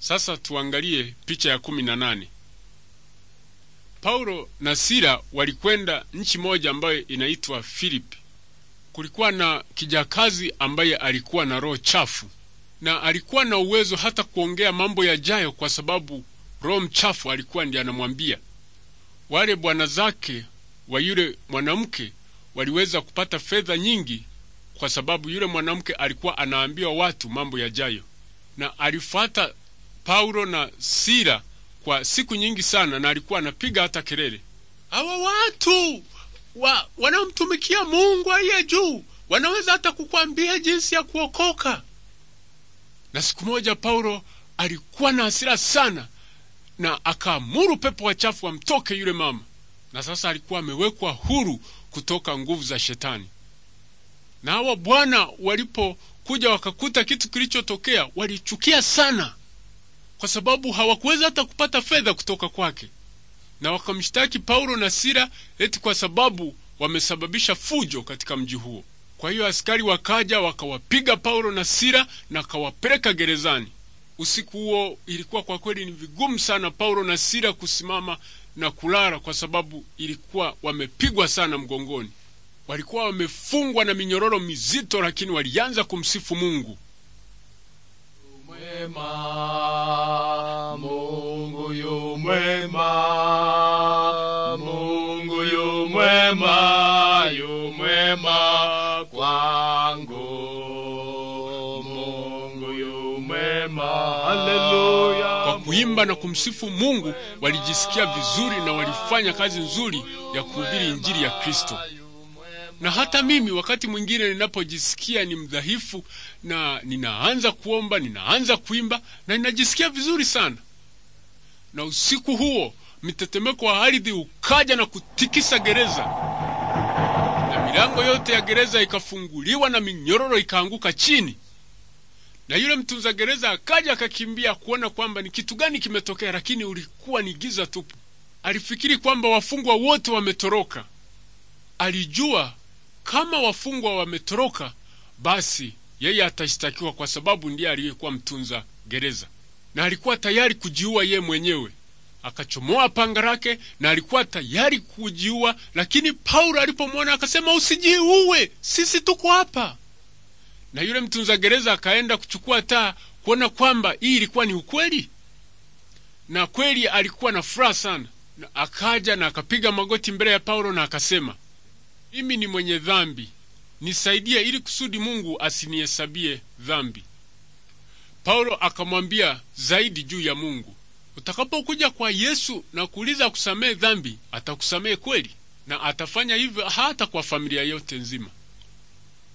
Sasa tuangalie picha ya kumi na nane. Paulo na Sila walikwenda nchi moja ambayo inaitwa Filipi. Kulikuwa na kijakazi ambaye alikuwa na roho chafu na alikuwa na uwezo hata kuongea mambo yajayo, kwa sababu roho mchafu alikuwa ndiye anamwambia. Wale bwana zake wa yule mwanamke waliweza kupata fedha nyingi, kwa sababu yule mwanamke alikuwa anaambiwa watu mambo yajayo, na alifuata Paulo na Sila kwa siku nyingi sana, na alikuwa anapiga hata kelele, hawa watu wa, wanaomtumikia Mungu aliye juu wanaweza hata kukwambia jinsi ya kuokoka. Na siku moja Paulo alikuwa na hasira sana, na akaamuru pepo wachafu wamtoke yule mama, na sasa alikuwa amewekwa huru kutoka nguvu za shetani. Na hawa bwana walipokuja wakakuta kitu kilichotokea, walichukia sana kwa sababu hawakuweza hata kupata fedha kutoka kwake, na wakamshtaki Paulo na Sila eti kwa sababu wamesababisha fujo katika mji huo. Kwa hiyo askari wakaja wakawapiga Paulo na Sila na kawapeleka gerezani. Usiku huo ilikuwa kwa kweli ni vigumu sana Paulo na Sila kusimama na kulala, kwa sababu ilikuwa wamepigwa sana mgongoni. Walikuwa wamefungwa na minyororo mizito, lakini walianza kumsifu Mungu Umema. mwema, yu mwema kwangu. Mungu yu mwema, haleluya. Kwa kuimba na kumsifu Mungu walijisikia vizuri na walifanya kazi nzuri ya kuhubiri injili ya Kristo. Na hata mimi wakati mwingine ninapojisikia ni mdhaifu na ninaanza kuomba, ninaanza kuimba na ninajisikia vizuri sana. Na usiku huo mtetemeko wa ardhi ukaja na kutikisa gereza, na milango yote ya gereza ikafunguliwa na minyororo ikaanguka chini, na yule mtunza gereza akaja akakimbia kuona kwamba ni kitu gani kimetokea, lakini ulikuwa ni giza tupu. Alifikiri kwamba wafungwa wote wametoroka. Alijua kama wafungwa wametoroka, basi yeye atashitakiwa kwa sababu ndiye aliyekuwa mtunza gereza, na alikuwa tayari kujiua yeye mwenyewe akachomoa panga lake na alikuwa tayari kujiua, lakini Paulo alipomwona akasema, usijiue, sisi tuko hapa. Na yule mtunza gereza akaenda kuchukua taa kuona kwamba hii ilikuwa ni ukweli, na kweli alikuwa na furaha sana. Na akaja na akapiga magoti mbele ya Paulo na akasema, mimi ni mwenye dhambi, nisaidie ili kusudi Mungu asinihesabie dhambi. Paulo akamwambia zaidi juu ya Mungu. Utakapokuja kwa Yesu na kuuliza kusamehe dhambi, atakusamehe kweli, na atafanya hivyo hata kwa familia yote nzima.